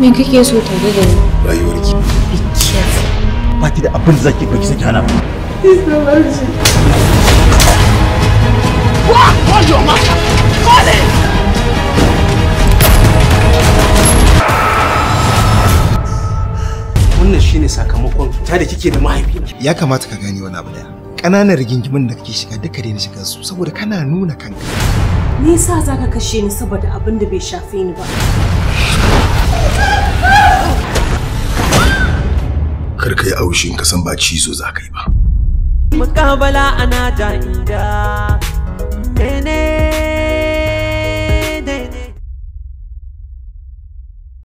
Me kake so ta ga da ni? Rayuwarki. Be careful. Ba ki da abin da zaki ki saki hana. Please no mercy. What? Call your master. Call him. Wannan shine sakamakon ta da kike da mahaifina. Ya kamata ka gani wani abu daya. ƙananan rigingimin da kake shiga duka daina shiga su saboda kana nuna kanka. Me yasa ka kashe ni saboda abin da bai shafe ni ba? kar ka yi aushin ka san ba cizo za ka yi ba mukabala ana ja'ida